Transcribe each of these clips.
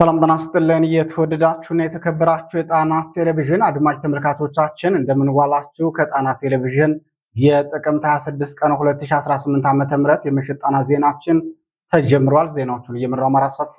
ሰላም ጤና ይስጥልን። የተወደዳችሁና የተከበራችሁ የጣና ቴሌቪዥን አድማጭ ተመልካቾቻችን እንደምንዋላችሁ። ከጣና ቴሌቪዥን የጥቅምት 26 ቀን 2018 ዓ ም የምሽት ጣና ዜናችን ተጀምሯል። ዜናዎቹን እየመራው አማራ ሰፋ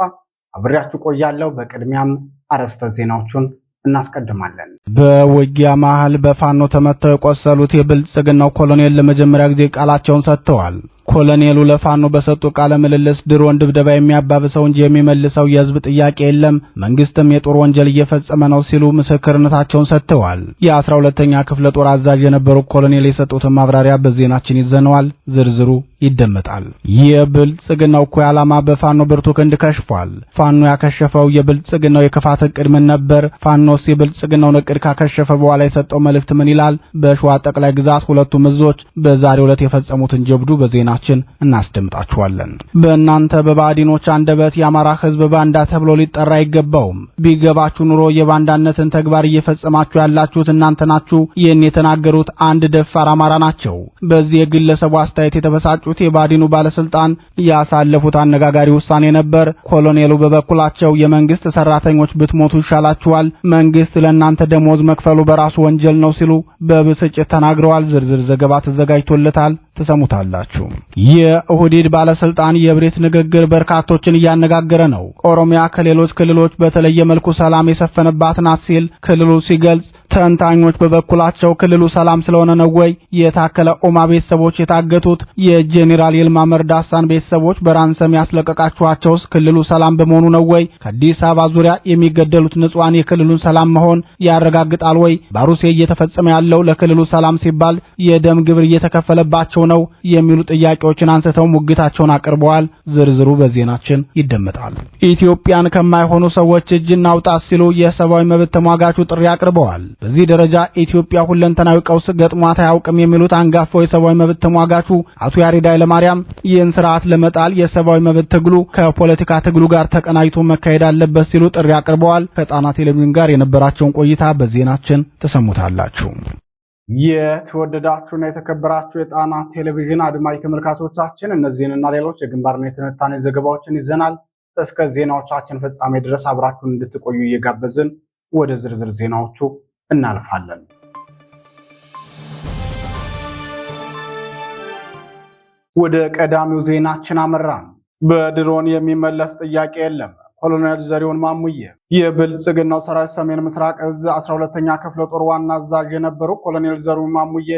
አብሬያችሁ ቆያለሁ። በቅድሚያም አርዕስተ ዜናዎቹን እናስቀድማለን። በውጊያ መሀል በፋኖ ተመተው የቆሰሉት የብልጽግናው ኮሎኔል ለመጀመሪያ ጊዜ ቃላቸውን ሰጥተዋል። ኮሎኔሉ ለፋኖ በሰጡ ቃለ ምልልስ ድሮን ድብደባ የሚያባብሰው እንጂ የሚመልሰው የህዝብ ጥያቄ የለም፣ መንግስትም የጦር ወንጀል እየፈጸመ ነው ሲሉ ምስክርነታቸውን ሰጥተዋል። የአስራ ሁለተኛ ክፍለ ጦር አዛዥ የነበሩ ኮሎኔል የሰጡትን ማብራሪያ በዜናችን ይዘነዋል። ዝርዝሩ ይደመጣል። የብልጽግናው እኩይ ዓላማ በፋኖ ብርቱ ክንድ ከሽፏል። ፋኖ ያከሸፈው የብልጽግናው የክፋት እቅድ ምን ነበር? ፋኖስ የብልጽግናውን እቅድ ካከሸፈ በኋላ የሰጠው መልእክት ምን ይላል? በሸዋ ጠቅላይ ግዛት ሁለቱም እዞች በዛሬው ዕለት የፈጸሙትን ጀብዱ በዜና ዜናችን እናስደምጣችኋለን። በእናንተ በባዕዲኖች አንደበት የአማራ ህዝብ ባንዳ ተብሎ ሊጠራ አይገባውም። ቢገባችሁ ኑሮ የባንዳነትን ተግባር እየፈጸማችሁ ያላችሁት እናንተ ናችሁ። ይህን የተናገሩት አንድ ደፋር አማራ ናቸው። በዚህ የግለሰቡ አስተያየት የተበሳጩት የባዲኑ ባለስልጣን ያሳለፉት አነጋጋሪ ውሳኔ ነበር። ኮሎኔሉ በበኩላቸው የመንግስት ሰራተኞች ብትሞቱ ይሻላችኋል፣ መንግስት ለእናንተ ደሞዝ መክፈሉ በራሱ ወንጀል ነው ሲሉ በብስጭት ተናግረዋል። ዝርዝር ዘገባ ተዘጋጅቶለታል። ትሰሙታላችሁ። የኦህዴድ ባለስልጣን የብሬት ንግግር በርካቶችን እያነጋገረ ነው። ኦሮሚያ ከሌሎች ክልሎች በተለየ መልኩ ሰላም የሰፈነባት ናት ሲል ክልሉ ሲገልጽ ተንታኞች በበኩላቸው ክልሉ ሰላም ስለሆነ ነው ወይ የታከለ ኡማ ቤተሰቦች የታገቱት? የጄኔራል ይልማ መርዳሳን ቤተሰቦች በራንሰም ያስለቀቃችኋቸውስ ክልሉ ሰላም በመሆኑ ነው ወይ? ከአዲስ አበባ ዙሪያ የሚገደሉት ንጹሐን የክልሉን ሰላም መሆን ያረጋግጣል ወይ? ባሩሴ እየተፈጸመ ያለው ለክልሉ ሰላም ሲባል የደም ግብር እየተከፈለባቸው ነው የሚሉ ጥያቄዎችን አንስተው ሙግታቸውን አቅርበዋል። ዝርዝሩ በዜናችን ይደመጣል። ኢትዮጵያን ከማይሆኑ ሰዎች እጅ እናውጣት ሲሉ የሰብአዊ መብት ተሟጋቹ ጥሪ አቅርበዋል። በዚህ ደረጃ ኢትዮጵያ ሁለንተናዊ ቀውስ ገጥሟት አያውቅም የሚሉት አንጋፋው የሰብአዊ መብት ተሟጋቹ አቶ ያሬድ ኃይለማርያም ይህን ስርዓት ለመጣል የሰብአዊ መብት ትግሉ ከፖለቲካ ትግሉ ጋር ተቀናጅቶ መካሄድ አለበት ሲሉ ጥሪ አቅርበዋል። ከጣና ቴሌቪዥን ጋር የነበራቸውን ቆይታ በዜናችን ተሰሙታላችሁ። የተወደዳችሁና የተከበራችሁ የጣና ቴሌቪዥን አድማጭ ተመልካቾቻችን እነዚህንና ሌሎች የግንባርና የትንታኔ ዘገባዎችን ይዘናል። እስከ ዜናዎቻችን ፍጻሜ ድረስ አብራችሁን እንድትቆዩ እየጋበዝን ወደ ዝርዝር ዜናዎቹ እናልፋለን። ወደ ቀዳሚው ዜናችን አመራን። በድሮን የሚመለስ ጥያቄ የለም። ኮሎኔል ዘሪሁን ማሙዬ የብልጽግናው ሰራዊት ሰሜን ምስራቅ እዝ 12ኛ ክፍለ ጦር ዋና አዛዥ የነበሩ ኮሎኔል ዘሪሁን ማሙዬ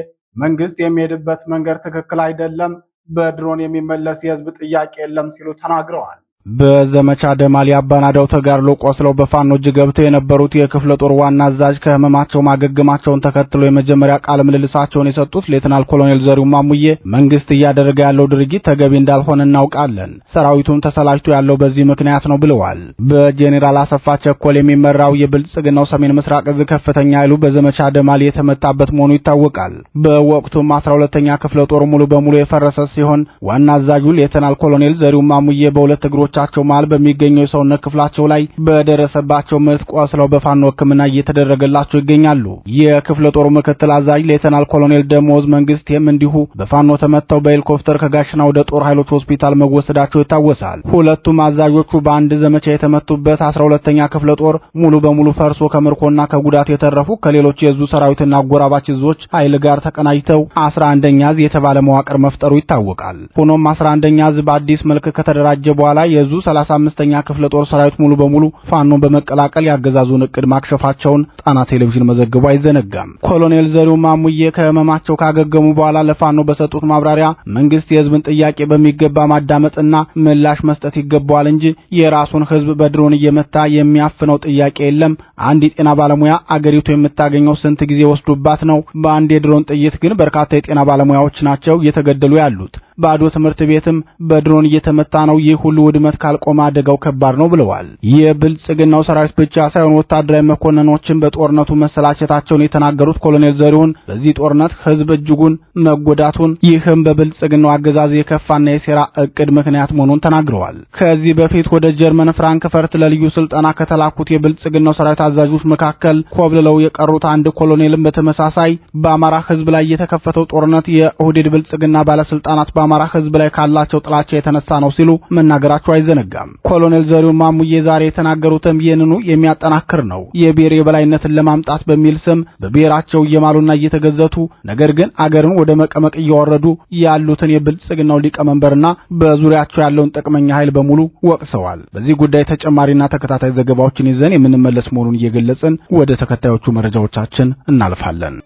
መንግስት የሚሄድበት መንገድ ትክክል አይደለም፣ በድሮን የሚመለስ የህዝብ ጥያቄ የለም ሲሉ ተናግረዋል። በዘመቻ ደማሊ አባናዳው ተጋድሎ ቆስለው በፋኖ እጅ ገብተው የነበሩት የክፍለ ጦር ዋና አዛዥ ከህመማቸው ማገገማቸውን ተከትሎ የመጀመሪያ ቃለ ምልልሳቸውን የሰጡት ሌትናል ኮሎኔል ዘሪው ማሙዬ መንግስት እያደረገ ያለው ድርጊት ተገቢ እንዳልሆነ እናውቃለን፣ ሰራዊቱም ተሰላችቶ ያለው በዚህ ምክንያት ነው ብለዋል። በጄኔራል አሰፋ ቸኮል የሚመራው የብልጽግናው ሰሜን ምስራቅ እዝ ከፍተኛ ኃይሉ በዘመቻ ደማሊ የተመታበት መሆኑ ይታወቃል። በወቅቱም አስራ ሁለተኛ ክፍለ ጦር ሙሉ በሙሉ የፈረሰ ሲሆን ዋና አዛዡ ሌትናል ኮሎኔል ዘሪው ማሙዬ በሁለት እግሮች በእግሮቻቸው መሃል በሚገኘው የሰውነት ክፍላቸው ላይ በደረሰባቸው ምት ቆስለው በፋኖ ሕክምና እየተደረገላቸው ይገኛሉ። የክፍለ ጦሩ ምክትል አዛዥ ሌተናል ኮሎኔል ደሞዝ መንግስትም እንዲሁ በፋኖ ተመተው በሄሊኮፕተር ከጋሽና ወደ ጦር ኃይሎች ሆስፒታል መወሰዳቸው ይታወሳል። ሁለቱም አዛዦቹ በአንድ ዘመቻ የተመቱበት አስራ ሁለተኛ ክፍለ ጦር ሙሉ በሙሉ ፈርሶ ከምርኮና ከጉዳት የተረፉ ከሌሎች የዙ ሰራዊትና አጎራባች እዞች ኃይል ጋር ተቀናጅተው አስራ አንደኛ እዝ የተባለ መዋቅር መፍጠሩ ይታወቃል። ሆኖም አስራ አንደኛ እዝ በአዲስ መልክ ከተደራጀ በኋላ የእዙ 35ኛ ክፍለ ጦር ሰራዊት ሙሉ በሙሉ ፋኖን በመቀላቀል ያገዛዙን እቅድ ማክሸፋቸውን ጣና ቴሌቪዥን መዘገቡ አይዘነጋም። ኮሎኔል ዘሪው ማሙዬ ከህመማቸው ካገገሙ በኋላ ለፋኖ በሰጡት ማብራሪያ መንግስት የህዝብን ጥያቄ በሚገባ ማዳመጥና ምላሽ መስጠት ይገባዋል እንጂ የራሱን ህዝብ በድሮን እየመታ የሚያፍነው ጥያቄ የለም። አንድ የጤና ባለሙያ አገሪቱ የምታገኘው ስንት ጊዜ ወስዶባት ነው? በአንድ የድሮን ጥይት ግን በርካታ የጤና ባለሙያዎች ናቸው እየተገደሉ ያሉት። ባዶ ትምህርት ቤትም በድሮን እየተመታ ነው። ይህ ሁሉ ውድመት ካልቆመ አደጋው ከባድ ነው ብለዋል። የብልጽግናው ሰራዊት ብቻ ሳይሆን ወታደራዊ መኮንኖችን በጦርነቱ መሰላቸታቸውን የተናገሩት ኮሎኔል ዘሪሁን በዚህ ጦርነት ህዝብ እጅጉን መጎዳቱን፣ ይህም በብልጽግናው አገዛዝ የከፋና የሴራ እቅድ ምክንያት መሆኑን ተናግረዋል። ከዚህ በፊት ወደ ጀርመን ፍራንክፈርት ለልዩ ስልጠና ከተላኩት የብልጽግናው ሰራዊት አዛዦች መካከል ኮብልለው የቀሩት አንድ ኮሎኔልም በተመሳሳይ በአማራ ህዝብ ላይ የተከፈተው ጦርነት የኦህዴድ ብልጽግና ባለስልጣናት በአማራ ህዝብ ላይ ካላቸው ጥላቻ የተነሳ ነው ሲሉ መናገራቸው አይዘነጋም። ኮሎኔል ዘሪሁን ማሙዬ ዛሬ የተናገሩትም ይህንኑ የሚያጠናክር ነው። የብሔር የበላይነትን ለማምጣት በሚል ስም በብሔራቸው እየማሉና እየተገዘቱ ነገር ግን አገርን ወደ መቀመቅ እያወረዱ ያሉትን የብልጽግናው ሊቀመንበርና በዙሪያቸው ያለውን ጥቅመኛ ኃይል በሙሉ ወቅሰዋል። በዚህ ጉዳይ ተጨማሪና ተከታታይ ዘገባዎችን ይዘን የምንመለስ መሆኑን እየገለጽን ወደ ተከታዮቹ መረጃዎቻችን እናልፋለን።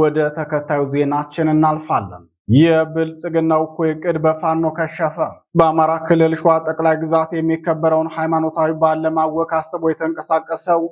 ወደ ተከታዩ ዜናችን እናልፋለን። የብልጽግናው እኩይ እቅድ በፋኖ ከሸፈ። በአማራ ክልል ሸዋ ጠቅላይ ግዛት የሚከበረውን ሃይማኖታዊ በዓል ለማወክ አስቦ የተንቀሳቀሰው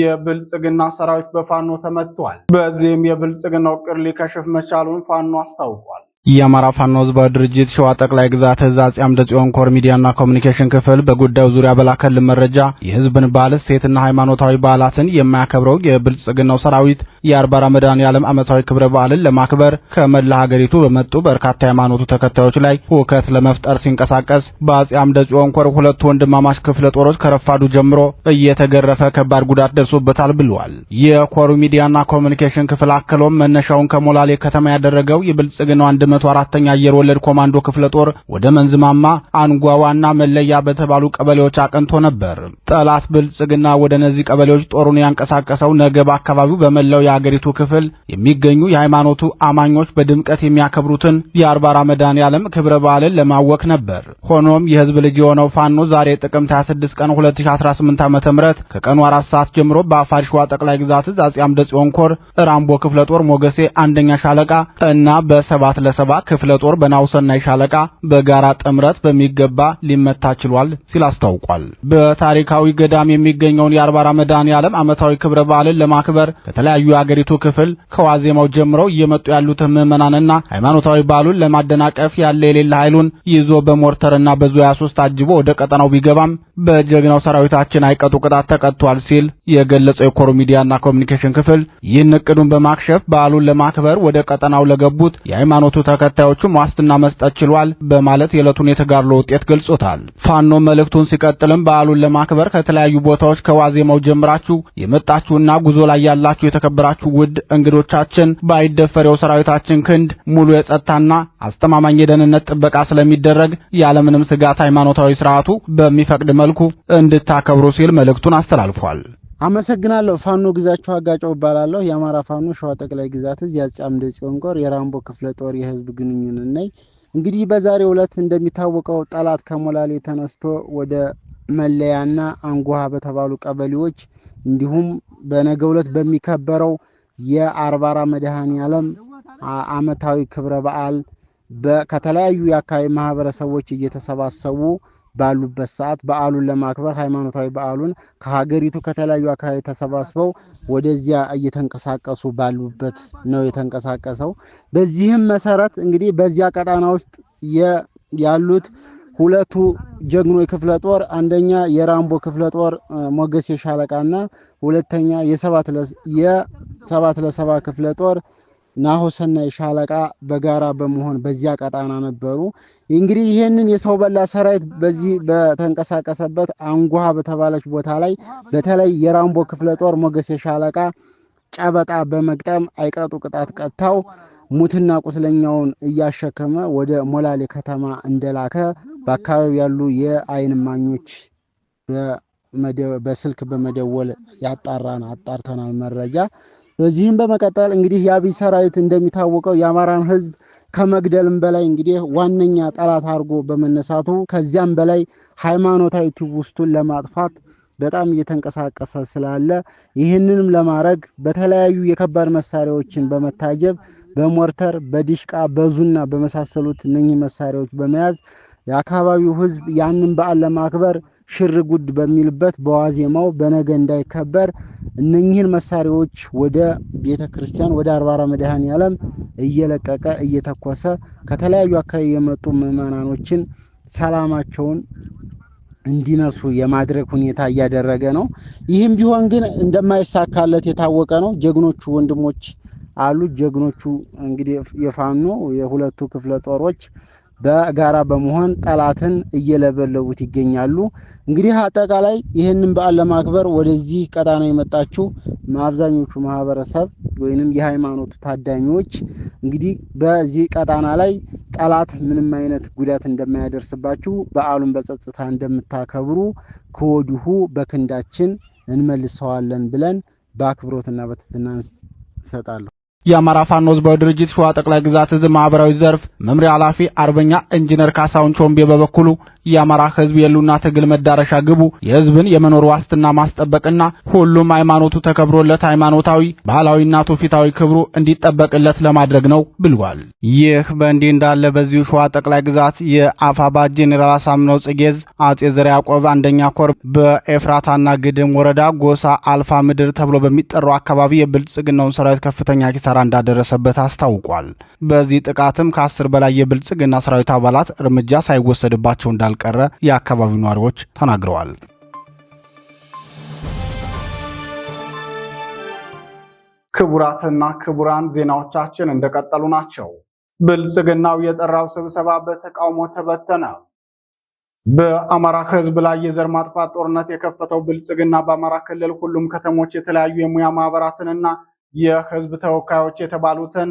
የብልጽግና ሰራዊት በፋኖ ተመቷል። በዚህም የብልጽግናው እቅድ ሊከሽፍ መቻሉን ፋኖ አስታውቋል። የአማራ ፋኖ ህዝባዊ ድርጅት ሸዋ ጠቅላይ ግዛት እዝ አፄ አምደ ጽዮን ኮር ሚዲያና ኮሚኒኬሽን ክፍል በጉዳዩ ዙሪያ በላከልን መረጃ የህዝብን ባህል፣ እሴትና ሃይማኖታዊ በዓላትን የማያከብረው የብልጽግናው ሰራዊት የአርባራ ረመዳን የዓለም ዓመታዊ ክብረ በዓልን ለማክበር ከመላ ሀገሪቱ በመጡ በርካታ ሃይማኖቱ ተከታዮች ላይ ሁከት ለመፍጠር ሲንቀሳቀስ በአጼ አምደ ጽዮን ኮር ሁለቱ ወንድማማች ክፍለ ጦሮች ከረፋዱ ጀምሮ እየተገረፈ ከባድ ጉዳት ደርሶበታል ብለዋል። የኮሩ ሚዲያና ኮሚኒኬሽን ክፍል አክሎም መነሻውን ከሞላሌ ከተማ ያደረገው የብልጽግናው 104ኛ አየር ወለድ ኮማንዶ ክፍለ ጦር ወደ መንዝማማ አንጓዋና መለያ በተባሉ ቀበሌዎች አቅንቶ ነበር። ጠላት ብልጽግና ወደ እነዚህ ቀበሌዎች ጦሩን ያንቀሳቀሰው ነገ በአካባቢው በመላው የአገሪቱ ክፍል የሚገኙ የሃይማኖቱ አማኞች በድምቀት የሚያከብሩትን የአርባ ረመዳን ክብረ በዓልን ለማወክ ነበር። ሆኖም የህዝብ ልጅ የሆነው ፋኖ ዛሬ ጥቅምት 26 ቀን 2018 ዓ.ም ከቀኑ አራት ሰዓት ጀምሮ በአፋር ሸዋ ጠቅላይ ግዛት እዝ አጼ አምደ ጽዮን ኮር ራምቦ ክፍለ ጦር ሞገሴ አንደኛ ሻለቃ እና በሰባት ለሰባ ክፍለ ጦር በናውሰናይ ሻለቃ በጋራ ጥምረት በሚገባ ሊመታ ችሏል ሲል አስታውቋል። በታሪካዊ ገዳም የሚገኘውን የአርባ ረመዳን የዓለም ዓመታዊ ክብረ በዓልን ለማክበር ከተለያዩ የአገሪቱ ክፍል ከዋዜማው ጀምረው እየመጡ ያሉት ምዕመናንና ሃይማኖታዊ በዓሉን ለማደናቀፍ ያለ የሌለ ኃይሉን ይዞ በሞርተርና በዙ ሶስት አጅቦ ወደ ቀጠናው ቢገባም በጀግናው ሰራዊታችን አይቀጡ ቅጣት ተቀጥቷል ሲል የገለጸው የኮር ሚዲያና ኮሚኒኬሽን ክፍል ይህን እቅዱን በማክሸፍ በዓሉን ለማክበር ወደ ቀጠናው ለገቡት የሃይማኖቱ ተከታዮቹም ዋስትና መስጠት ችሏል በማለት የዕለቱን የተጋድሎ ውጤት ገልጾታል። ፋኖ መልእክቱን ሲቀጥልም በዓሉን ለማክበር ከተለያዩ ቦታዎች ከዋዜማው ጀምራችሁ የመጣችሁና ጉዞ ላይ ያላችሁ የተከበራችሁ የተከበራችሁ ውድ እንግዶቻችን፣ ባይደፈረው ሰራዊታችን ክንድ ሙሉ የጸጥታና አስተማማኝ የደህንነት ጥበቃ ስለሚደረግ ያለምንም ስጋት ሃይማኖታዊ ስርዓቱ በሚፈቅድ መልኩ እንድታከብሩ ሲል መልእክቱን አስተላልፏል። አመሰግናለሁ። ፋኖ ግዛቸው አጋጨው እባላለሁ። የአማራ ፋኖ ሸዋ ጠቅላይ ግዛት እዝ የአፄ አምደ ጽዮን ኮር የራምቦ ክፍለ ጦር የህዝብ ግንኙነት ነኝ። እንግዲህ በዛሬው ዕለት እንደሚታወቀው ጠላት ከሞላሌ ተነስቶ ወደ መለያና አንጉሃ በተባሉ ቀበሌዎች እንዲሁም በነገ ዕለት በሚከበረው የአርባራ መድኃኔ ዓለም ዓመታዊ ክብረ በዓል ከተለያዩ የአካባቢ ማህበረሰቦች እየተሰባሰቡ ባሉበት ሰዓት በዓሉን ለማክበር ሃይማኖታዊ በዓሉን ከሀገሪቱ ከተለያዩ አካባቢ ተሰባስበው ወደዚያ እየተንቀሳቀሱ ባሉበት ነው የተንቀሳቀሰው። በዚህም መሰረት እንግዲህ በዚያ ቀጣና ውስጥ ያሉት ሁለቱ ጀግኖ ክፍለ ጦር አንደኛ የራምቦ ክፍለ ጦር ሞገሴ ሻለቃና ሁለተኛ የሰባት ለሰባ ክፍለ ጦር ናሆሰና ሻለቃ በጋራ በመሆን በዚያ ቀጣና ነበሩ። እንግዲህ ይህንን የሰው በላ ሰራዊት በዚህ በተንቀሳቀሰበት አንጓሃ በተባለች ቦታ ላይ በተለይ የራምቦ ክፍለ ጦር ሞገሴ ሻለቃ ጨበጣ በመቅጠም አይቀጡ ቅጣት ቀጥታው ሙትና ቁስለኛውን እያሸከመ ወደ ሞላሌ ከተማ እንደላከ በአካባቢው ያሉ የአይን ማኞች በስልክ በመደወል ያጣራን አጣርተናል መረጃ። በዚህም በመቀጠል እንግዲህ የአብይ ሰራዊት እንደሚታወቀው የአማራን ህዝብ ከመግደልም በላይ እንግዲህ ዋነኛ ጠላት አድርጎ በመነሳቱ ከዚያም በላይ ሃይማኖታዊ ትውስቱን ለማጥፋት በጣም እየተንቀሳቀሰ ስላለ ይህንንም ለማድረግ በተለያዩ የከባድ መሳሪያዎችን በመታጀብ በሞርተር፣ በዲሽቃ፣ በዙና በመሳሰሉት እነኚህ መሳሪያዎች በመያዝ የአካባቢው ህዝብ ያንን በዓል ለማክበር ሽር ጉድ በሚልበት በዋዜማው በነገ እንዳይከበር እነኚህን መሳሪያዎች ወደ ቤተ ክርስቲያን ወደ አርባራ መድኃኔ ዓለም እየለቀቀ እየተኮሰ ከተለያዩ አካባቢ የመጡ ምዕመናኖችን ሰላማቸውን እንዲነሱ የማድረግ ሁኔታ እያደረገ ነው። ይህም ቢሆን ግን እንደማይሳካለት የታወቀ ነው። ጀግኖቹ ወንድሞች አሉ። ጀግኖቹ እንግዲህ የፋኖ የሁለቱ ክፍለ ጦሮች በጋራ በመሆን ጠላትን እየለበለቡት ይገኛሉ። እንግዲህ አጠቃላይ ይህንን በዓል ለማክበር ወደዚህ ቀጣና የመጣችው አብዛኞቹ ማህበረሰብ ወይንም የሃይማኖቱ ታዳሚዎች እንግዲህ በዚህ ቀጣና ላይ ጠላት ምንም አይነት ጉዳት እንደማያደርስባችሁ በዓሉን በጸጥታ እንደምታከብሩ ከወዲሁ በክንዳችን እንመልሰዋለን ብለን በአክብሮትና በትህትና እንሰጣለሁ። የአማራ ፋኖ ህዝባዊ ድርጅት ሸዋ ጠቅላይ ግዛት እዝ ማኅበራዊ ዘርፍ መምሪያ ኃላፊ አርበኛ ኢንጂነር ካሳሁን ቾምቤ በበኩሉ የአማራ ህዝብ የሉና ትግል መዳረሻ ግቡ የህዝብን የመኖር ዋስትና ማስጠበቅና ሁሉም ሃይማኖቱ ተከብሮለት ሃይማኖታዊ ባህላዊና ትውፊታዊ ክብሩ እንዲጠበቅለት ለማድረግ ነው ብሏል። ይህ በእንዲህ እንዳለ በዚሁ ሸዋ ጠቅላይ ግዛት የአፋባ ጄኔራል አሳምነው ጽጌዝ አጼ ዘር ያዕቆብ አንደኛ ኮር በኤፍራታና ግድም ወረዳ ጎሳ አልፋ ምድር ተብሎ በሚጠራው አካባቢ የብልጽግናውን ሰራዊት ከፍተኛ ኪሳራ እንዳደረሰበት አስታውቋል። በዚህ ጥቃትም ከአስር በላይ የብልጽግና ሰራዊት አባላት እርምጃ ሳይወሰድባቸው እንዳለ እንዳልቀረ የአካባቢው ነዋሪዎች ተናግረዋል። ክቡራትና ክቡራን ዜናዎቻችን እንደቀጠሉ ናቸው። ብልጽግናው የጠራው ስብሰባ በተቃውሞ ተበተነ። በአማራ ሕዝብ ላይ የዘር ማጥፋት ጦርነት የከፈተው ብልጽግና በአማራ ክልል ሁሉም ከተሞች የተለያዩ የሙያ ማህበራትንና የሕዝብ ተወካዮች የተባሉትን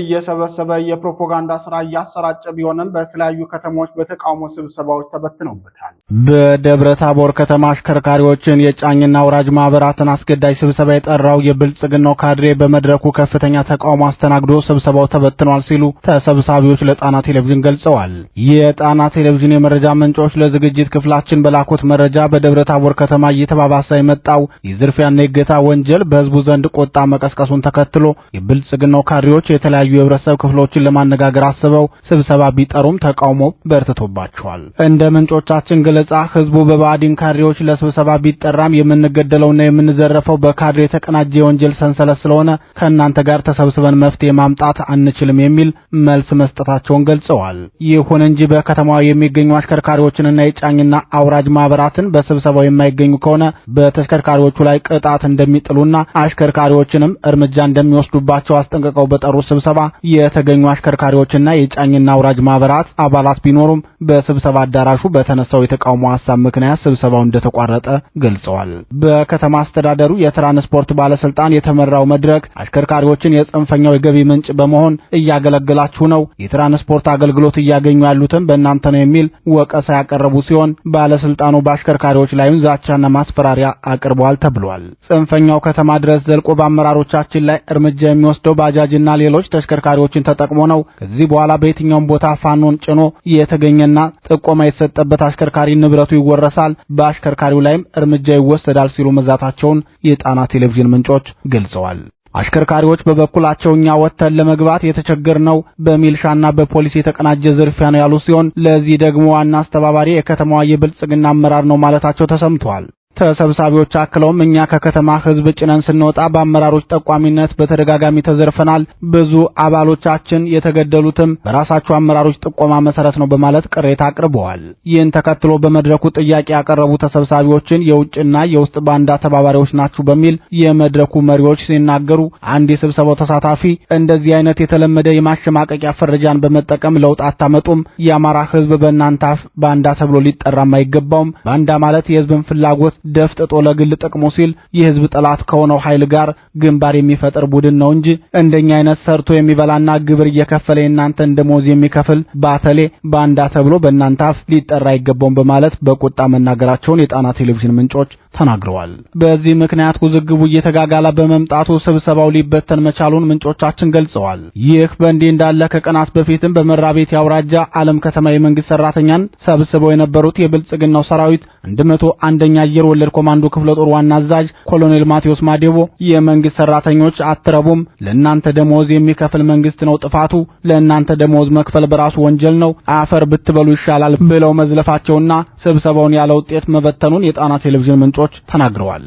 እየሰበሰበ የፕሮፓጋንዳ ስራ እያሰራጨ ቢሆንም በተለያዩ ከተሞች በተቃውሞ ስብሰባዎች ተበትነውበታል። በደብረ ታቦር ከተማ አሽከርካሪዎችን የጫኝና ወራጅ ማህበራትን አስገዳጅ ስብሰባ የጠራው የብልጽግናው ካድሬ በመድረኩ ከፍተኛ ተቃውሞ አስተናግዶ ስብሰባው ተበትኗል ሲሉ ተሰብሳቢዎች ለጣና ቴሌቪዥን ገልጸዋል። የጣና ቴሌቪዥን የመረጃ ምንጮች ለዝግጅት ክፍላችን በላኩት መረጃ በደብረ ታቦር ከተማ እየተባባሰ የመጣው የዝርፊያና የእገታ ወንጀል በህዝቡ ዘንድ ቆጣ መቀስቀሱን ተከትሎ የብልጽግናው ካድሬዎች የተለያዩ የተለያዩ የህብረተሰብ ክፍሎችን ለማነጋገር አስበው ስብሰባ ቢጠሩም ተቃውሞ በርትቶባቸዋል። እንደ ምንጮቻችን ገለጻ ህዝቡ በባዕዲን ካድሬዎች ለስብሰባ ቢጠራም የምንገደለውና የምንዘረፈው በካድሬ የተቀናጀ የወንጀል ሰንሰለት ስለሆነ ከእናንተ ጋር ተሰብስበን መፍትሄ ማምጣት አንችልም የሚል መልስ መስጠታቸውን ገልጸዋል። ይሁን እንጂ በከተማዋ የሚገኙ አሽከርካሪዎችንና የጫኝና አውራጅ ማህበራትን በስብሰባው የማይገኙ ከሆነ በተሽከርካሪዎቹ ላይ ቅጣት እንደሚጥሉና አሽከርካሪዎችንም እርምጃ እንደሚወስዱባቸው አስጠንቅቀው በጠሩ ስብሰባ ስብሰባ የተገኙ አሽከርካሪዎችና የጫኝና አውራጅ ማህበራት አባላት ቢኖሩም በስብሰባ አዳራሹ በተነሳው የተቃውሞ ሀሳብ ምክንያት ስብሰባው እንደተቋረጠ ገልጸዋል። በከተማ አስተዳደሩ የትራንስፖርት ባለስልጣን የተመራው መድረክ አሽከርካሪዎችን የጽንፈኛው የገቢ ምንጭ በመሆን እያገለግላችሁ ነው፣ የትራንስፖርት አገልግሎት እያገኙ ያሉትም በእናንተ ነው የሚል ወቀሳ ያቀረቡ ሲሆን ባለስልጣኑ በአሽከርካሪዎች ላይም ዛቻና ማስፈራሪያ አቅርበዋል ተብሏል። ጽንፈኛው ከተማ ድረስ ዘልቆ በአመራሮቻችን ላይ እርምጃ የሚወስደው ባጃጅና ሌሎች ተሽከርካሪዎችን ተጠቅሞ ነው። ከዚህ በኋላ በየትኛውም ቦታ ፋኖን ጭኖ የተገኘና ጥቆማ የተሰጠበት አሽከርካሪ ንብረቱ ይወረሳል፣ በአሽከርካሪው ላይም እርምጃ ይወሰዳል ሲሉ መዛታቸውን የጣና ቴሌቪዥን ምንጮች ገልጸዋል። አሽከርካሪዎች በበኩላቸው እኛ ወጥተን ለመግባት የተቸገር ነው በሚልሻና በፖሊስ የተቀናጀ ዝርፊያ ነው ያሉ ሲሆን ለዚህ ደግሞ ዋና አስተባባሪ የከተማዋ የብልጽግና አመራር ነው ማለታቸው ተሰምቷል። ተሰብሳቢዎች አክለውም እኛ ከከተማ ህዝብ ጭነን ስንወጣ በአመራሮች ጠቋሚነት በተደጋጋሚ ተዘርፈናል። ብዙ አባሎቻችን የተገደሉትም በራሳቸው አመራሮች ጥቆማ መሰረት ነው በማለት ቅሬታ አቅርበዋል። ይህን ተከትሎ በመድረኩ ጥያቄ ያቀረቡ ተሰብሳቢዎችን የውጭና የውስጥ ባንዳ ተባባሪዎች ናችሁ በሚል የመድረኩ መሪዎች ሲናገሩ፣ አንድ የስብሰባው ተሳታፊ እንደዚህ አይነት የተለመደ የማሸማቀቂያ ፈረጃን በመጠቀም ለውጥ አታመጡም። የአማራ ህዝብ በእናንተ አፍ ባንዳ ተብሎ ሊጠራም አይገባውም። ባንዳ ማለት የህዝብን ፍላጎት ደፍጥጦ ለግል ጥቅሙ ሲል የህዝብ ጠላት ከሆነው ኃይል ጋር ግንባር የሚፈጥር ቡድን ነው እንጂ እንደኛ አይነት ሰርቶ የሚበላና ግብር እየከፈለ የእናንተን ደሞዝ የሚከፍል ባተሌ ባንዳ ተብሎ በእናንተ አፍ ሊጠራ አይገባውም በማለት በቁጣ መናገራቸውን የጣና ቴሌቪዥን ምንጮች ተናግረዋል። በዚህ ምክንያት ውዝግቡ እየተጋጋለ በመምጣቱ ስብሰባው ሊበተን መቻሉን ምንጮቻችን ገልጸዋል። ይህ በእንዲህ እንዳለ ከቀናት በፊትም በመራቤት አውራጃ ዓለም ከተማ የመንግስት ሰራተኛን ሰብስበው የነበሩት የብልጽግናው ሰራዊት አንድ መቶ አንደኛ አየር ወለድ ኮማንዶ ክፍለ ጦር ዋና አዛዥ ኮሎኔል ማቴዎስ ማዴቦ የመንግስት ሰራተኞች አትረቡም፣ ለእናንተ ደሞዝ የሚከፍል መንግስት ነው ጥፋቱ፣ ለእናንተ ደሞዝ መክፈል በራሱ ወንጀል ነው፣ አፈር ብትበሉ ይሻላል ብለው መዝለፋቸውና ስብሰባውን ያለ ውጤት መበተኑን የጣና ቴሌቪዥን ምንጮ ምንጮች ተናግረዋል።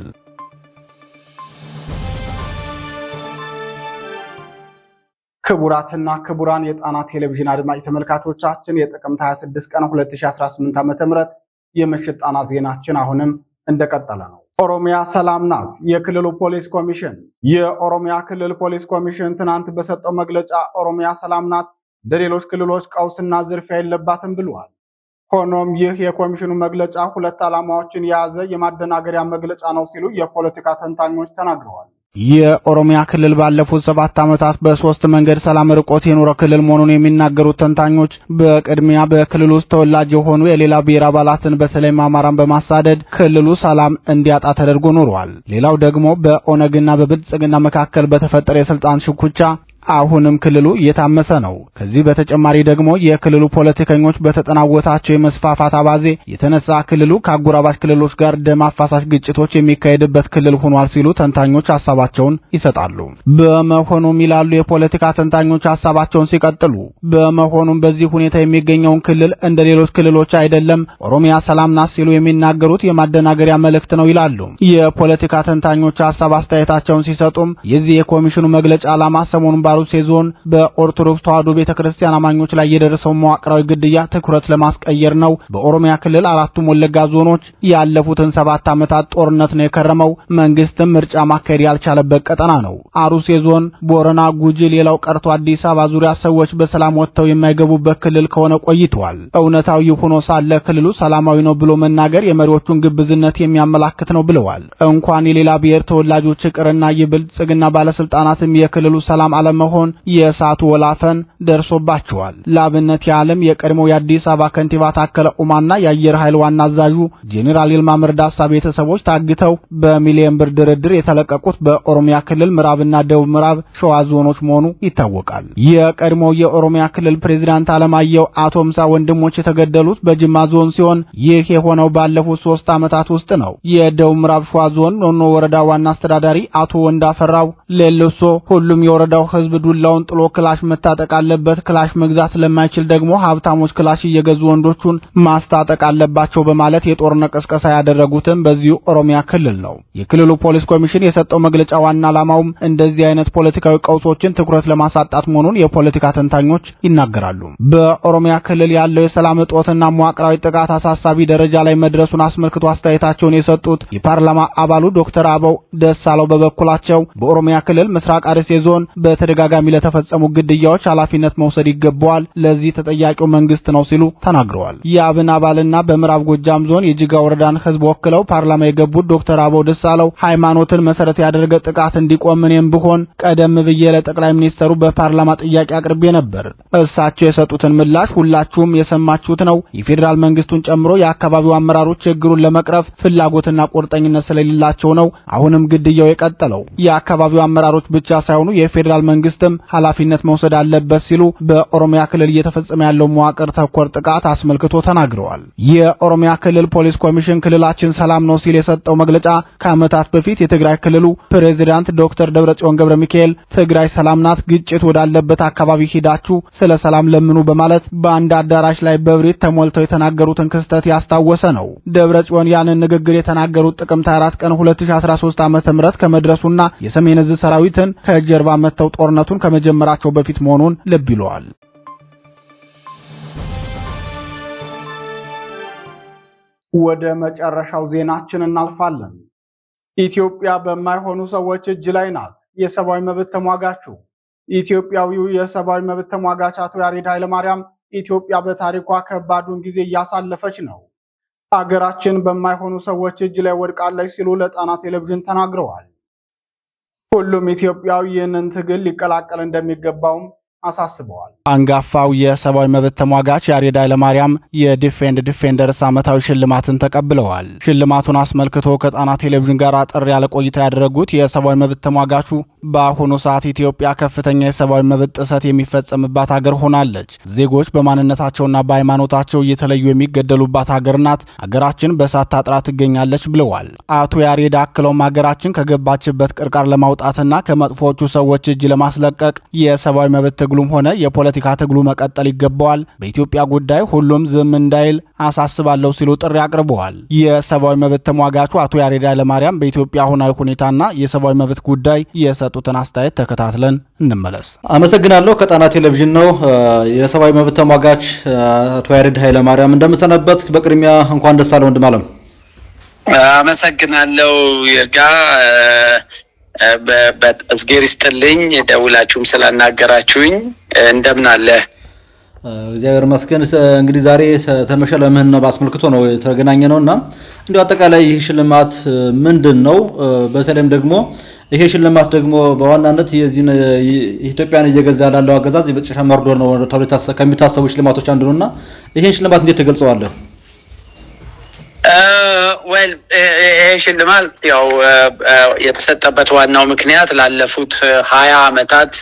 ክቡራትና ክቡራን የጣና ቴሌቪዥን አድማጭ ተመልካቾቻችን የጥቅምት 26 ቀን 2018 ዓ.ም የምሽት ጣና ዜናችን አሁንም እንደቀጠለ ነው። ኦሮሚያ ሰላም ናት። የክልሉ ፖሊስ ኮሚሽን የኦሮሚያ ክልል ፖሊስ ኮሚሽን ትናንት በሰጠው መግለጫ ኦሮሚያ ሰላም ናት፣ እንደ ሌሎች ክልሎች ቀውስና ዝርፊያ የለባትም ብሏል። ሆኖም ይህ የኮሚሽኑ መግለጫ ሁለት ዓላማዎችን የያዘ የማደናገሪያ መግለጫ ነው ሲሉ የፖለቲካ ተንታኞች ተናግረዋል። የኦሮሚያ ክልል ባለፉት ሰባት ዓመታት በሶስት መንገድ ሰላም ርቆት የኖረ ክልል መሆኑን የሚናገሩት ተንታኞች በቅድሚያ በክልል ውስጥ ተወላጅ የሆኑ የሌላ ብሔር አባላትን በተለይም አማራን በማሳደድ ክልሉ ሰላም እንዲያጣ ተደርጎ ኖሯል። ሌላው ደግሞ በኦነግና በብልጽግና መካከል በተፈጠረ የስልጣን ሽኩቻ አሁንም ክልሉ እየታመሰ ነው። ከዚህ በተጨማሪ ደግሞ የክልሉ ፖለቲከኞች በተጠናወታቸው የመስፋፋት አባዜ የተነሳ ክልሉ ከአጎራባች ክልሎች ጋር ደም አፋሳሽ ግጭቶች የሚካሄድበት ክልል ሆኗል ሲሉ ተንታኞች ሀሳባቸውን ይሰጣሉ። በመሆኑም ይላሉ የፖለቲካ ተንታኞች ሀሳባቸውን ሲቀጥሉ፣ በመሆኑም በዚህ ሁኔታ የሚገኘውን ክልል እንደ ሌሎች ክልሎች አይደለም ኦሮሚያ ሰላም ናት ሲሉ የሚናገሩት የማደናገሪያ መልእክት ነው ይላሉ። የፖለቲካ ተንታኞች ሀሳብ አስተያየታቸውን ሲሰጡም የዚህ የኮሚሽኑ መግለጫ ዓላማ ሰሞኑን በአሩሴ ዞን በኦርቶዶክስ ተዋዶ ቤተክርስቲያን አማኞች ላይ የደረሰው መዋቅራዊ ግድያ ትኩረት ለማስቀየር ነው። በኦሮሚያ ክልል አራቱም ወለጋ ዞኖች ያለፉትን ሰባት ዓመታት ጦርነት ነው የከረመው። መንግስትም ምርጫ ማካሄድ ያልቻለበት ቀጠና ነው። አሩሴ ዞን፣ ቦረና፣ ጉጂ፣ ሌላው ቀርቶ አዲስ አበባ ዙሪያ ሰዎች በሰላም ወጥተው የማይገቡበት ክልል ከሆነ ቆይተዋል። እውነታው ይህ ሆኖ ሳለ ክልሉ ሰላማዊ ነው ብሎ መናገር የመሪዎቹን ግብዝነት የሚያመላክት ነው ብለዋል። እንኳን የሌላ ብሔር ተወላጆች ይቅርና የብልጽግና ባለስልጣናትም የክልሉ ሰላም አለመ በመሆን የእሳቱ ወላፈን ደርሶባቸዋል። ለአብነት የዓለም የቀድሞው የአዲስ አበባ ከንቲባ ታከለ ኡማና የአየር ኃይል ዋና አዛዡ ጄኔራል ይልማ መርዳሳ ቤተሰቦች ታግተው በሚሊዮን ብር ድርድር የተለቀቁት በኦሮሚያ ክልል ምዕራብና ደቡብ ምዕራብ ሸዋ ዞኖች መሆኑ ይታወቃል። የቀድሞው የኦሮሚያ ክልል ፕሬዚዳንት አለማየሁ አቶ ምሳ ወንድሞች የተገደሉት በጅማ ዞን ሲሆን ይህ የሆነው ባለፉት ሶስት ዓመታት ውስጥ ነው። የደቡብ ምዕራብ ሸዋ ዞን ኖኖ ወረዳ ዋና አስተዳዳሪ አቶ ወንዳፈራው ሌሎሶ ሁሉም የወረዳው ህዝብ ዱላውን ጥሎ ክላሽ መታጠቅ አለበት። ክላሽ መግዛት ለማይችል ደግሞ ሀብታሞች ክላሽ እየገዙ ወንዶቹን ማስታጠቅ አለባቸው በማለት የጦርነት ቅስቀሳ ያደረጉትም በዚሁ ኦሮሚያ ክልል ነው። የክልሉ ፖሊስ ኮሚሽን የሰጠው መግለጫ ዋና ዓላማውም እንደዚህ አይነት ፖለቲካዊ ቀውሶችን ትኩረት ለማሳጣት መሆኑን የፖለቲካ ተንታኞች ይናገራሉ። በኦሮሚያ ክልል ያለው የሰላም እጦትና መዋቅራዊ ጥቃት አሳሳቢ ደረጃ ላይ መድረሱን አስመልክቶ አስተያየታቸውን የሰጡት የፓርላማ አባሉ ዶክተር አበው ደሳለው በበኩላቸው በኦሮሚያ ክልል ምስራቅ አርሴ ዞን በተደጋ በተደጋጋሚ ለተፈጸሙ ግድያዎች ኃላፊነት መውሰድ ይገባዋል። ለዚህ ተጠያቂው መንግስት ነው ሲሉ ተናግረዋል። የአብን አባልና በምዕራብ ጎጃም ዞን የጅጋ ወረዳን ህዝብ ወክለው ፓርላማ የገቡት ዶክተር አበው ደሳለው ሃይማኖትን መሰረት ያደረገ ጥቃት እንዲቆም እኔም ብሆን ቀደም ብዬ ለጠቅላይ ሚኒስተሩ በፓርላማ ጥያቄ አቅርቤ ነበር። እሳቸው የሰጡትን ምላሽ ሁላችሁም የሰማችሁት ነው። የፌዴራል መንግስቱን ጨምሮ የአካባቢው አመራሮች ችግሩን ለመቅረፍ ፍላጎትና ቁርጠኝነት ስለሌላቸው ነው አሁንም ግድያው የቀጠለው። የአካባቢው አመራሮች ብቻ ሳይሆኑ የፌዴራል መንግስት መንግስትም ኃላፊነት መውሰድ አለበት ሲሉ በኦሮሚያ ክልል እየተፈጸመ ያለው መዋቅር ተኮር ጥቃት አስመልክቶ ተናግረዋል። የኦሮሚያ ክልል ፖሊስ ኮሚሽን ክልላችን ሰላም ነው ሲል የሰጠው መግለጫ ከዓመታት በፊት የትግራይ ክልሉ ፕሬዚዳንት ዶክተር ደብረጽዮን ገብረ ሚካኤል ትግራይ ሰላም ናት፣ ግጭት ወዳለበት አካባቢ ሂዳችሁ ስለ ሰላም ለምኑ በማለት በአንድ አዳራሽ ላይ በብሬት ተሞልተው የተናገሩትን ክስተት ያስታወሰ ነው። ደብረጽዮን ያንን ንግግር የተናገሩት ጥቅምት 4 ቀን 2013 ዓ.ም ከመድረሱና የሰሜን እዝ ሰራዊትን ከጀርባ መጥተው ጦርነት ጦርነቱን ከመጀመራቸው በፊት መሆኑን ልብ ይለዋል። ወደ መጨረሻው ዜናችን እናልፋለን። ኢትዮጵያ በማይሆኑ ሰዎች እጅ ላይ ናት። የሰብአዊ መብት ተሟጋቹ ኢትዮጵያዊው የሰብአዊ መብት ተሟጋች አቶ ያሬድ ኃይለማርያም ኢትዮጵያ በታሪኳ ከባዱን ጊዜ እያሳለፈች ነው፣ አገራችን በማይሆኑ ሰዎች እጅ ላይ ወድቃለች ሲሉ ለጣና ቴሌቪዥን ተናግረዋል። ሁሉም ኢትዮጵያዊ ይህንን ትግል ሊቀላቀል እንደሚገባውም አሳስበዋል። አንጋፋው የሰብአዊ መብት ተሟጋች ያሬድ ኃይለማርያም የዲፌንድ ዲፌንደርስ ዓመታዊ ሽልማትን ተቀብለዋል። ሽልማቱን አስመልክቶ ከጣና ቴሌቪዥን ጋር አጠር ያለ ቆይታ ያደረጉት የሰብአዊ መብት ተሟጋቹ በአሁኑ ሰዓት ኢትዮጵያ ከፍተኛ የሰብአዊ መብት ጥሰት የሚፈጸምባት ሀገር ሆናለች። ዜጎች በማንነታቸውና በሃይማኖታቸው እየተለዩ የሚገደሉባት አገር ናት። ሀገራችን በእሳት ታጥራ ትገኛለች ብለዋል። አቶ ያሬድ አክለውም ሀገራችን ከገባችበት ቅርቃር ለማውጣትና ከመጥፎቹ ሰዎች እጅ ለማስለቀቅ የሰብአዊ መብት ትግሉም ሆነ የፖለቲካ ትግሉ መቀጠል ይገባዋል። በኢትዮጵያ ጉዳይ ሁሉም ዝም እንዳይል አሳስባለሁ ሲሉ ጥሪ አቅርበዋል። የሰብአዊ መብት ተሟጋቹ አቶ ያሬድ ኃይለማርያም በኢትዮጵያ አሁናዊ ሁኔታና የሰብአዊ መብት ጉዳይ የሰጡትን አስተያየት ተከታትለን እንመለስ። አመሰግናለሁ። ከጣና ቴሌቪዥን ነው። የሰብአዊ መብት ተሟጋች አቶ ያሬድ ኃይለማርያም እንደምሰነበት። በቅድሚያ እንኳን ደስ አለ ወንድም አለም አመሰግናለሁ ይርጋ እግዜር ይስጥልኝ። ደውላችሁም ስላናገራችሁኝ እንደምን አለ? እግዚአብሔር ይመስገን። እንግዲህ ዛሬ ተመሸ ነው በአስመልክቶ ነው የተገናኘ ነው እና እንዲሁ አጠቃላይ ይህ ሽልማት ምንድን ነው? በተለይም ደግሞ ይሄ ሽልማት ደግሞ በዋናነት የዚህ ኢትዮጵያን እየገዛ ላለው አገዛዝ የመጨረሻ መርዶ ነው ከሚታሰቡ ሽልማቶች አንዱ ነው እና ይህን ሽልማት እንዴት ትገልጸዋለህ? ወል ይሄ ሽልማት ያው የተሰጠበት ዋናው ምክንያት ላለፉት ሀያ አመታት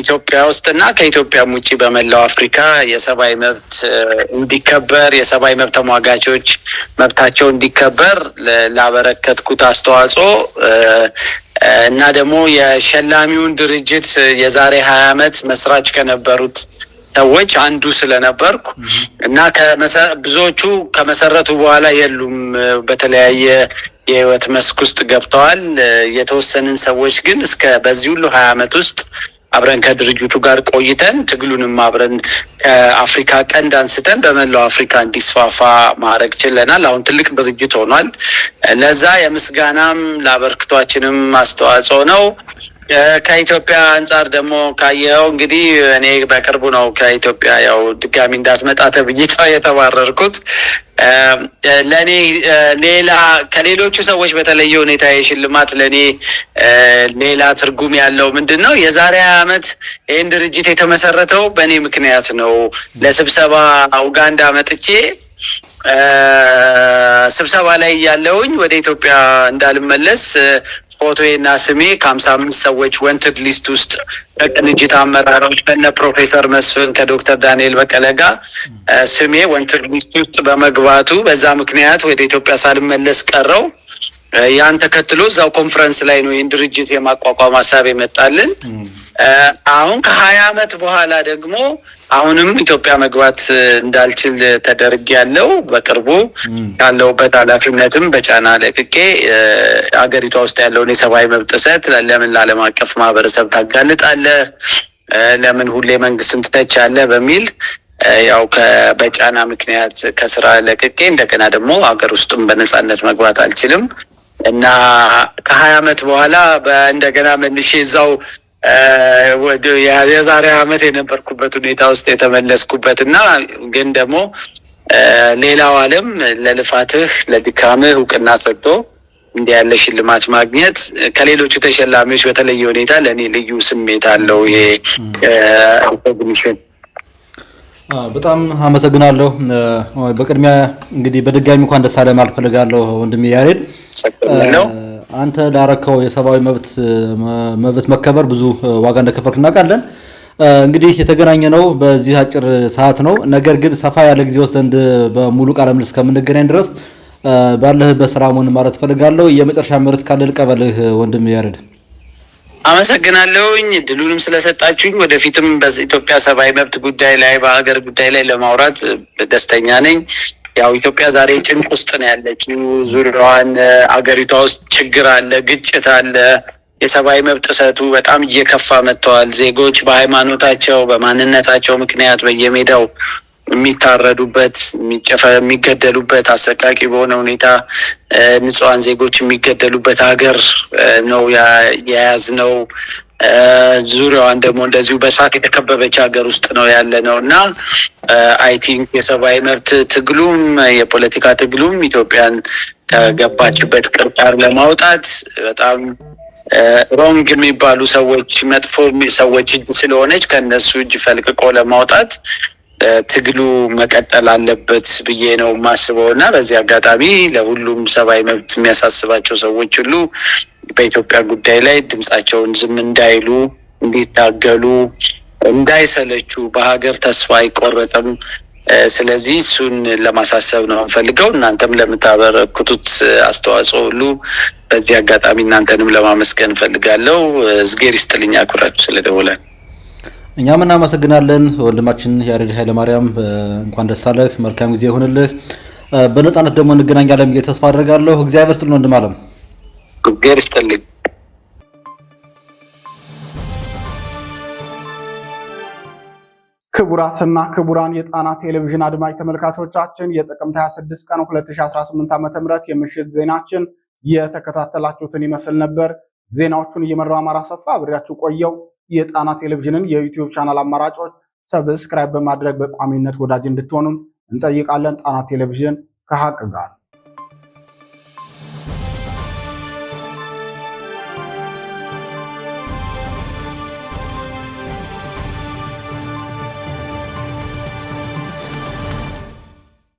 ኢትዮጵያ ውስጥ እና ከኢትዮጵያም ውጭ በመላው አፍሪካ የሰብአዊ መብት እንዲከበር የሰብአዊ መብት ተሟጋቾች መብታቸው እንዲከበር ላበረከትኩት አስተዋጽኦ እና ደግሞ የሸላሚውን ድርጅት የዛሬ ሀያ አመት መስራች ከነበሩት ሰዎች አንዱ ስለነበርኩ እና ብዙዎቹ ከመሰረቱ በኋላ የሉም፣ በተለያየ የህይወት መስክ ውስጥ ገብተዋል። የተወሰንን ሰዎች ግን እስከ በዚህ ሁሉ ሀያ ዓመት ውስጥ አብረን ከድርጅቱ ጋር ቆይተን ትግሉንም አብረን ከአፍሪካ ቀንድ አንስተን በመላው አፍሪካ እንዲስፋፋ ማድረግ ችለናል። አሁን ትልቅ ድርጅት ሆኗል። ለዛ የምስጋናም ለአበርክቷችንም አስተዋጽኦ ነው። ከኢትዮጵያ አንጻር ደግሞ ካየው እንግዲህ እኔ በቅርቡ ነው ከኢትዮጵያ ያው ድጋሚ እንዳትመጣ ተብዬ የተባረርኩት። ለእኔ ሌላ ከሌሎቹ ሰዎች በተለየ ሁኔታ የሽልማት ለእኔ ሌላ ትርጉም ያለው ምንድን ነው? የዛሬ ዓመት ይህን ድርጅት የተመሰረተው በእኔ ምክንያት ነው። ለስብሰባ ኡጋንዳ መጥቼ ስብሰባ ላይ ያለውኝ ወደ ኢትዮጵያ እንዳልመለስ ፎቶዬና ስሜ ከሀምሳ አምስት ሰዎች ወንትድ ሊስት ውስጥ በቅንጅት አመራሮች በነ ፕሮፌሰር መስፍን ከዶክተር ዳንኤል በቀለ ጋር ስሜ ወንትድ ሊስት ውስጥ በመግባቱ በዛ ምክንያት ወደ ኢትዮጵያ ሳልመለስ ቀረው። ያን ተከትሎ እዛው ኮንፈረንስ ላይ ነው ይህን ድርጅት የማቋቋም ሀሳብ የመጣልን። አሁን ከሀያ አመት በኋላ ደግሞ አሁንም ኢትዮጵያ መግባት እንዳልችል ተደርግ ያለው በቅርቡ ያለውበት ኃላፊነትም በጫና ለቅቄ አገሪቷ ውስጥ ያለውን የሰብአዊ መብት ጥሰት ለምን ለዓለም አቀፍ ማህበረሰብ ታጋልጣለህ? ለምን ሁሌ መንግስትን ትተቻለህ? በሚል ያው በጫና ምክንያት ከስራ ለቅቄ እንደገና ደግሞ ሀገር ውስጥም በነጻነት መግባት አልችልም። እና ከሀያ አመት በኋላ እንደገና መልሼ እዛው የዛሬ አመት የነበርኩበት ሁኔታ ውስጥ የተመለስኩበት እና ግን ደግሞ ሌላው አለም ለልፋትህ ለድካምህ እውቅና ሰጥቶ እንዲህ ያለ ሽልማት ማግኘት ከሌሎቹ ተሸላሚዎች በተለየ ሁኔታ ለእኔ ልዩ ስሜት አለው ይሄ በጣም አመሰግናለሁ። በቅድሚያ እንግዲህ በድጋሚ እንኳን ደስ አለህ ማለት እፈልጋለሁ ወንድሜ ያሬድ። አንተ ላረከው የሰብአዊ መብት መብት መከበር ብዙ ዋጋ እንደከፈልክ እናውቃለን። እንግዲህ የተገናኘ ነው በዚህ አጭር ሰዓት ነው። ነገር ግን ሰፋ ያለ ጊዜ ውስጥ ዘንድ በሙሉ ቃለ ምልልስ እስከምንገናኝ ድረስ ባለህበት ስራ ሰላሙን ማለት ፈልጋለሁ። የመጨረሻ ምርት ካለ ልቀበልህ ወንድም ያሬድ። አመሰግናለሁኝ ድሉንም ስለሰጣችሁኝ። ወደፊትም በኢትዮጵያ ሰብአዊ መብት ጉዳይ ላይ በሀገር ጉዳይ ላይ ለማውራት ደስተኛ ነኝ። ያው ኢትዮጵያ ዛሬ ጭንቅ ውስጥ ነው ያለችው። ዙሪያዋን አገሪቷ ውስጥ ችግር አለ፣ ግጭት አለ። የሰብአዊ መብት ጥሰቱ በጣም እየከፋ መጥተዋል። ዜጎች በሃይማኖታቸው፣ በማንነታቸው ምክንያት በየሜዳው የሚታረዱበት የሚገደሉበት አሰቃቂ በሆነ ሁኔታ ንጹሐን ዜጎች የሚገደሉበት ሀገር ነው የያዝ ነው። ዙሪያዋን ደግሞ እንደዚሁ በሳት የተከበበች ሀገር ውስጥ ነው ያለ ነው እና አይ ቲንክ የሰብአዊ መብት ትግሉም የፖለቲካ ትግሉም ኢትዮጵያን ከገባችበት ቅርቃር ለማውጣት በጣም ሮንግ የሚባሉ ሰዎች መጥፎ ሰዎች እጅ ስለሆነች ከእነሱ እጅ ፈልቅቆ ለማውጣት ትግሉ መቀጠል አለበት ብዬ ነው የማስበው እና በዚህ አጋጣሚ ለሁሉም ሰብአዊ መብት የሚያሳስባቸው ሰዎች ሁሉ በኢትዮጵያ ጉዳይ ላይ ድምጻቸውን ዝም እንዳይሉ፣ እንዲታገሉ፣ እንዳይሰለቹ በሀገር ተስፋ አይቆረጥም። ስለዚህ እሱን ለማሳሰብ ነው የምፈልገው። እናንተም ለምታበረክቱት አስተዋጽኦ ሁሉ በዚህ አጋጣሚ እናንተንም ለማመስገን እፈልጋለሁ። እግዜር ይስጥልኝ። ኩራችሁ ስለደወላችሁ እኛም እናመሰግናለን ወንድማችን ያሬድ ኃይለማርያም፣ እንኳን ደስ አለህ፣ መልካም ጊዜ ይሁንልህ። በነጻነት ደግሞ እንገናኛለን ብዬ ተስፋ አድርጋለሁ። እግዚአብሔር ስጥልን ወንድም አለም። እግዚአብሔር ስጥልኝ። ክቡራትና ክቡራን የጣና ቴሌቪዥን አድማጭ ተመልካቾቻችን የጥቅምት 26 ቀን 2018 ዓ ም የምሽት ዜናችን የተከታተላችሁትን ይመስል ነበር። ዜናዎቹን እየመራው አማራ ሰፋ አብሬያችሁ ቆየው። የጣና ቴሌቪዥንን የዩቲዩብ ቻናል አማራጮች ሰብስክራይብ በማድረግ በቋሚነት ወዳጅ እንድትሆኑም እንጠይቃለን። ጣና ቴሌቪዥን ከሀቅ ጋር